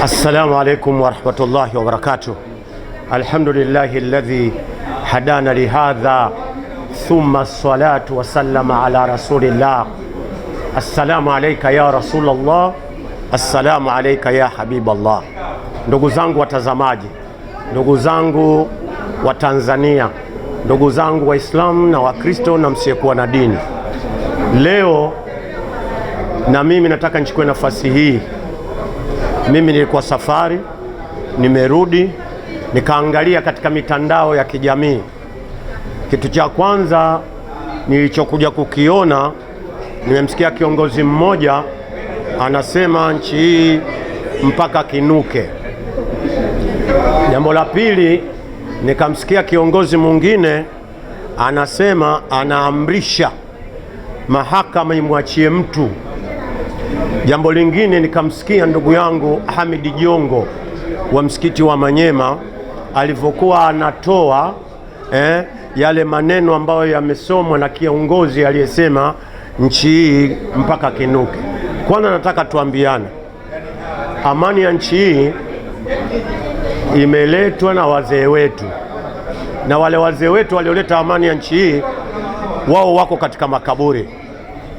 Assalamu alaikum warahmatullahi wabarakatuh. Alhamdulillahi alladhi hadana lihadha thumma salatu wasalama ala rasulillah. Assalamu alaika ya rasulallah, assalamu alaika ya habiballah. Ndugu zangu watazamaji, ndugu zangu wa Tanzania, ndugu zangu Waislamu na Wakristo na msiyekuwa na dini, leo na mimi nataka nichukue nafasi hii mimi nilikuwa safari, nimerudi nikaangalia katika mitandao ya kijamii. Kitu cha kwanza nilichokuja kukiona, nimemsikia kiongozi mmoja anasema nchi hii mpaka kinuke. Jambo la pili, nikamsikia kiongozi mwingine anasema anaamrisha mahakama imwachie mtu Jambo lingine nikamsikia ndugu yangu Hamidi Jongo wa msikiti wa Manyema alivyokuwa anatoa eh, yale maneno ambayo yamesomwa na kiongozi aliyesema nchi hii mpaka kinuke. Kwanza nataka tuambiane, amani ya nchi hii imeletwa na wazee wetu, na wale wazee wetu walioleta amani ya nchi hii wao wako katika makaburi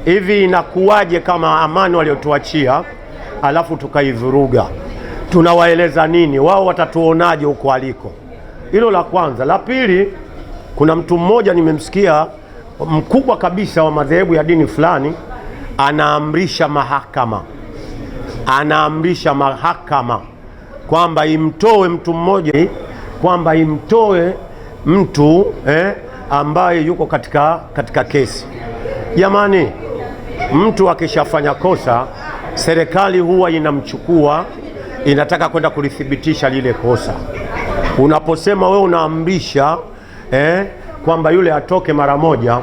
hivi inakuwaje kama amani waliotuachia alafu tukaivuruga? Tunawaeleza nini? Wao watatuonaje huko aliko? Hilo la kwanza. La pili, kuna mtu mmoja nimemsikia mkubwa kabisa wa madhehebu ya dini fulani anaamrisha mahakama, anaamrisha mahakama kwamba imtoe mtu mmoja, kwamba imtoe mtu eh, ambaye yuko katika, katika kesi. Jamani, mtu akishafanya kosa, serikali huwa inamchukua, inataka kwenda kulithibitisha lile kosa. Unaposema we unaamrisha eh, kwamba yule atoke mara moja,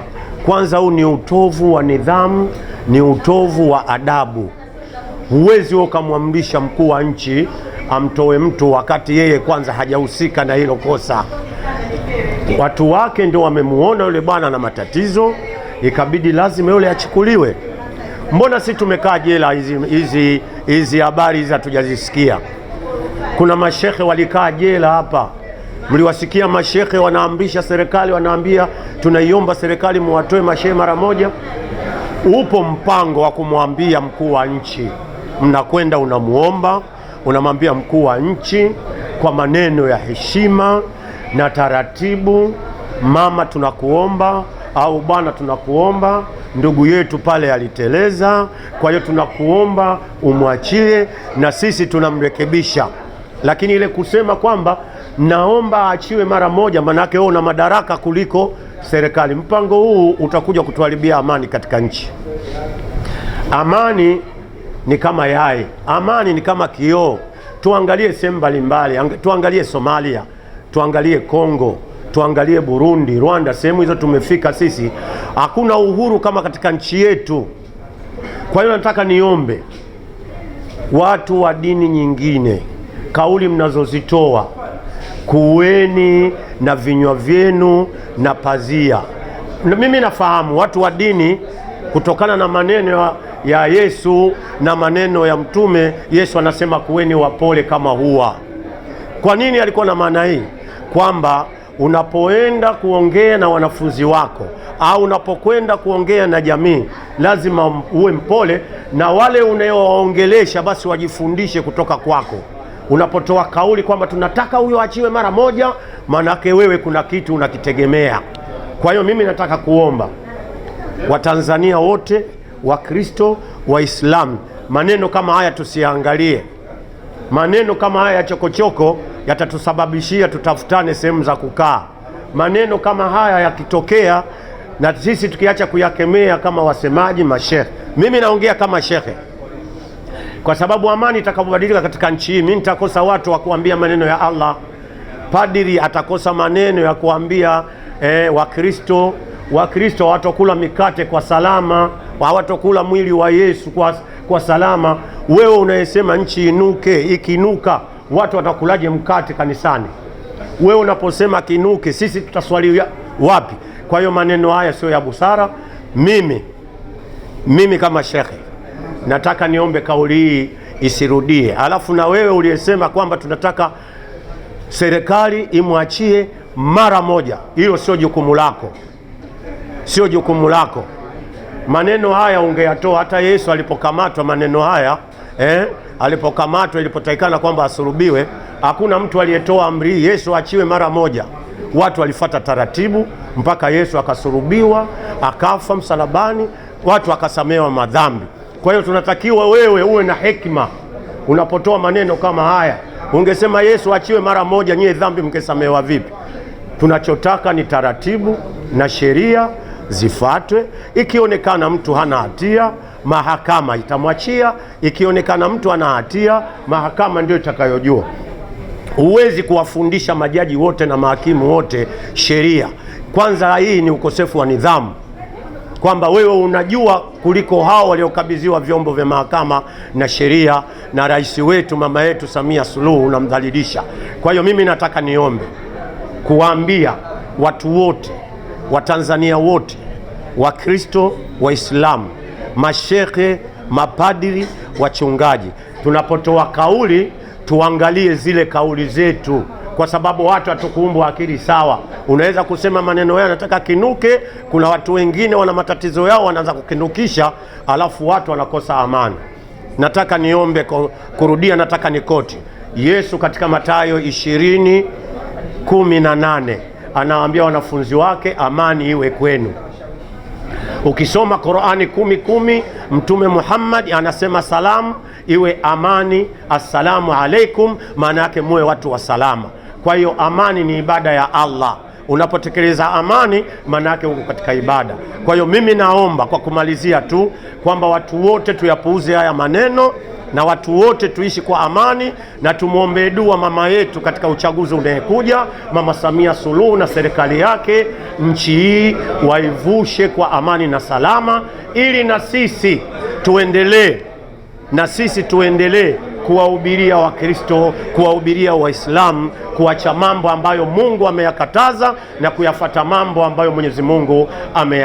kwanza huu ni utovu wa nidhamu, ni utovu wa adabu. Huwezi wewe ukamwamrisha mkuu wa nchi amtoe mtu wakati yeye kwanza hajahusika na hilo kosa. Watu wake ndio wamemuona yule bwana na matatizo ikabidi lazima yule achukuliwe. Mbona si tumekaa jela? Hizi hizi habari hizi hatujazisikia. Kuna mashehe walikaa jela hapa, mliwasikia mashehe wanaamrisha serikali, wanaambia tunaiomba serikali muwatoe mashehe mara moja. Upo mpango wa kumwambia mkuu wa nchi, mnakwenda unamuomba, unamwambia mkuu wa nchi kwa maneno ya heshima na taratibu, mama, tunakuomba au Bwana, tunakuomba ndugu yetu pale aliteleza, kwa hiyo tunakuomba umwachie, na sisi tunamrekebisha. Lakini ile kusema kwamba naomba aachiwe mara moja, maanake wewe una madaraka kuliko serikali. Mpango huu utakuja kutuharibia amani katika nchi. Amani ni kama yai, amani ni kama kioo. Tuangalie sehemu mbalimbali, tuangalie Somalia, tuangalie Kongo tuangalie Burundi, Rwanda, sehemu hizo tumefika sisi, hakuna uhuru kama katika nchi yetu. Kwa hiyo nataka niombe watu wa dini nyingine, kauli mnazozitoa kuweni na vinywa vyenu na pazia. Na mimi nafahamu watu wa dini kutokana na maneno ya Yesu na maneno ya Mtume. Yesu anasema kuweni wapole kama hua. Kwa nini alikuwa na maana hii kwamba unapoenda kuongea na wanafunzi wako au unapokwenda kuongea na jamii, lazima uwe mpole na wale unaowaongelesha, basi wajifundishe kutoka kwako. Unapotoa kauli kwamba tunataka huyo achiwe mara moja, maanake wewe kuna kitu unakitegemea. Kwa hiyo mimi nataka kuomba Watanzania wote, Wakristo, Waislamu, maneno kama haya tusiangalie, maneno kama haya ya chokochoko yatatusababishia tutafutane sehemu za kukaa. Maneno kama haya yakitokea na sisi tukiacha kuyakemea kama wasemaji mashehe mimi naongea kama shehe kwa sababu amani itakapobadilika katika nchi hii, mimi nitakosa watu wa kuambia maneno ya Allah, padiri atakosa maneno ya kuambia eh, Wakristo Wakristo hawatokula mikate kwa salama, hawatokula mwili wa Yesu kwa, kwa salama. Wewe unayesema nchi inuke, ikinuka watu watakulaje mkate kanisani? Wewe unaposema kinuke, sisi tutaswali wapi? Kwa hiyo maneno haya sio ya busara. Mimi mimi kama shekhe nataka niombe kauli hii isirudie. Alafu na wewe uliyesema kwamba tunataka serikali imwachie mara moja, hiyo sio jukumu lako, sio jukumu lako. Maneno haya ungeyatoa hata Yesu alipokamatwa, maneno haya eh? alipokamatwa, ilipotakikana kwamba asulubiwe, hakuna mtu aliyetoa amri Yesu achiwe mara moja. Watu walifata taratibu mpaka Yesu akasulubiwa, akafa msalabani, watu akasamewa madhambi. Kwa hiyo tunatakiwa wewe uwe na hekima unapotoa maneno kama haya. Ungesema Yesu achiwe mara moja, nyie dhambi mkesamewa vipi? Tunachotaka ni taratibu na sheria zifuatwe. Ikionekana mtu hana hatia mahakama itamwachia. Ikionekana mtu ana hatia, mahakama ndio itakayojua. Huwezi kuwafundisha majaji wote na mahakimu wote sheria. Kwanza hii ni ukosefu wa nidhamu, kwamba wewe unajua kuliko hao waliokabidhiwa vyombo vya mahakama na sheria, na rais wetu mama yetu Samia Suluhu unamdhalilisha. Kwa hiyo mimi nataka niombe kuwaambia watu wote, Watanzania wote, Wakristo, Waislamu mashehe, mapadiri, wachungaji. Tunapotoa kauli tuangalie zile kauli zetu, kwa sababu watu hatukuumbwa akili sawa. Unaweza kusema maneno yao anataka kinuke. Kuna watu wengine wana matatizo yao wanaanza kukinukisha, alafu watu wanakosa amani. Nataka niombe kurudia, nataka nikoti Yesu katika Mathayo ishirini kumi na nane anawaambia wanafunzi wake amani iwe kwenu. Ukisoma Qurani kumi kumi, Mtume Muhammad anasema salamu iwe amani, assalamu alaikum, maana yake muwe watu wa salama. Kwa hiyo amani ni ibada ya Allah. Unapotekeleza amani, maana yake uko katika ibada. Kwa hiyo mimi naomba kwa kumalizia tu kwamba watu wote tuyapuuze haya maneno na watu wote tuishi kwa amani na tumwombee dua mama yetu katika uchaguzi unayekuja, Mama Samia Suluhu na serikali yake. Nchi hii waivushe kwa amani na salama, ili na sisi tuendelee na sisi tuendelee kuwahubiria Wakristo, kuwahubiria Waislamu, kuacha mambo ambayo Mungu ameyakataza na kuyafata mambo ambayo Mwenyezi Mungu ame